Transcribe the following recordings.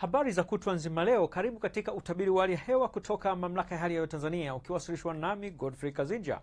Habari za kutwa nzima leo, karibu katika utabiri wa hali ya hewa kutoka mamlaka ya hali ya hewa Tanzania, ukiwasilishwa nami Godfrey Kazinja.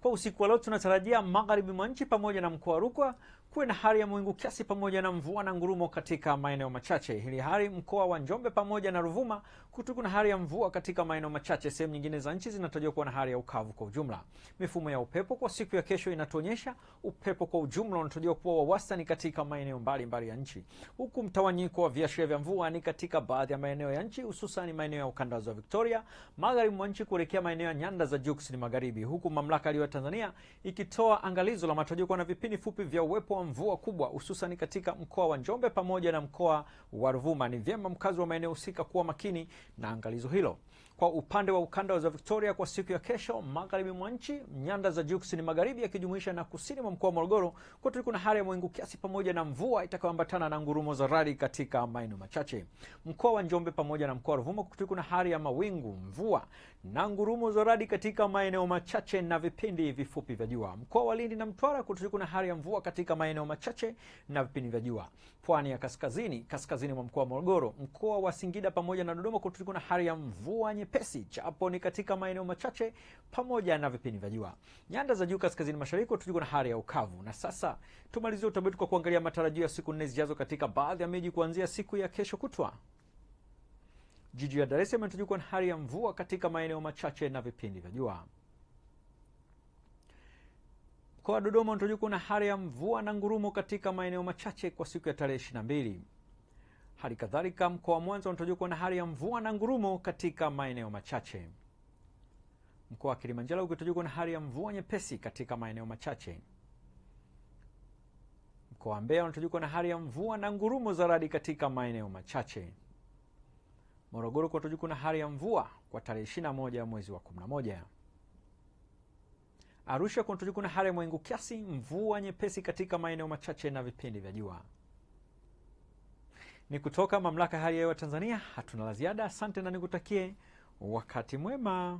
Kwa usiku wa leo tunatarajia magharibi mwa nchi pamoja na mkoa wa Rukwa kuwe na hali ya mawingu kiasi pamoja na mvua na ngurumo katika maeneo machache. Hili hali mkoa wa Njombe pamoja na Ruvuma kutakuwa na hali ya mvua katika maeneo machache. Sehemu nyingine za nchi zinatarajiwa kuwa na hali ya ukavu kwa ujumla. Mifumo ya upepo kwa siku ya kesho inatuonyesha upepo kwa ujumla unatarajiwa kuwa wa wastani katika maeneo mbalimbali ya nchi, huku mtawanyiko wa viashiria vya mvua ni katika baadhi ya maeneo ya nchi, hususan maeneo ya ukanda wa Victoria, magharibi mwa nchi kuelekea maeneo ya nyanda za juu kusini magharibi, huku mamlaka ya Tanzania ikitoa angalizo la matarajio kuwa na vipindi fupi vya uwepo kuwa mvua kubwa hususani katika mkoa wa Njombe pamoja na mkoa wa Ruvuma. Ni vyema mkazi wa maeneo husika kuwa makini na angalizo hilo kwa upande wa ukanda wa Victoria kwa siku ya kesho, magharibi mwa nchi, nyanda za juu kusini magharibi yakijumuisha na kusini mwa mkoa wa Morogoro kote kuna hali ya mawingu kiasi pamoja na mvua itakayoambatana na ngurumo za radi katika maeneo machache. Mkoa wa Njombe pamoja na mkoa wa Ruvuma kote kuna hali ya mawingu, mvua na ngurumo za radi katika maeneo machache na vipindi vifupi vya jua. Mkoa wa Lindi na Mtwara kote kuna hali ya mvua katika maeneo machache na vipindi vya jua. Pwani ya kaskazini, kaskazini mwa mkoa wa Morogoro, mkoa wa Singida pamoja na Dodoma kote kuna hali ya mvua nye vyepesi, japo ni katika maeneo machache pamoja na vipindi vya jua. Nyanda za juu kaskazini mashariki tulikuwa na hali ya ukavu. Na sasa tumalizie utabiri kwa kuangalia matarajio ya siku nne zijazo katika baadhi ya miji kuanzia siku ya kesho kutwa. Jiji la Dar es Salaam inatarajiwa kuwa na hali ya mvua katika maeneo machache na vipindi vya jua. Mkoa wa Dodoma unatarajiwa kuwa na hali ya mvua na ngurumo katika maeneo machache kwa siku ya tarehe 22. Hali kadhalika mkoa wa Mwanza unatarajiwa kuwa na hali ya mvua na ngurumo katika maeneo machache. Mkoa wa Kilimanjaro ukitarajiwa kuwa na hali ya mvua nyepesi katika maeneo machache. Mkoa wa Mbeya unatarajiwa kuwa na hali ya mvua na ngurumo za radi katika maeneo machache. Morogoro kunatarajiwa kuwa na hali ya mvua kwa tarehe 21 mwezi wa 11. Arusha kunatarajiwa kuwa na hali ya mawingu kiasi, mvua nyepesi katika maeneo machache na vipindi vya jua. Ni kutoka mamlaka ya hali ya hewa Tanzania. Hatuna la ziada, asante na nikutakie wakati mwema.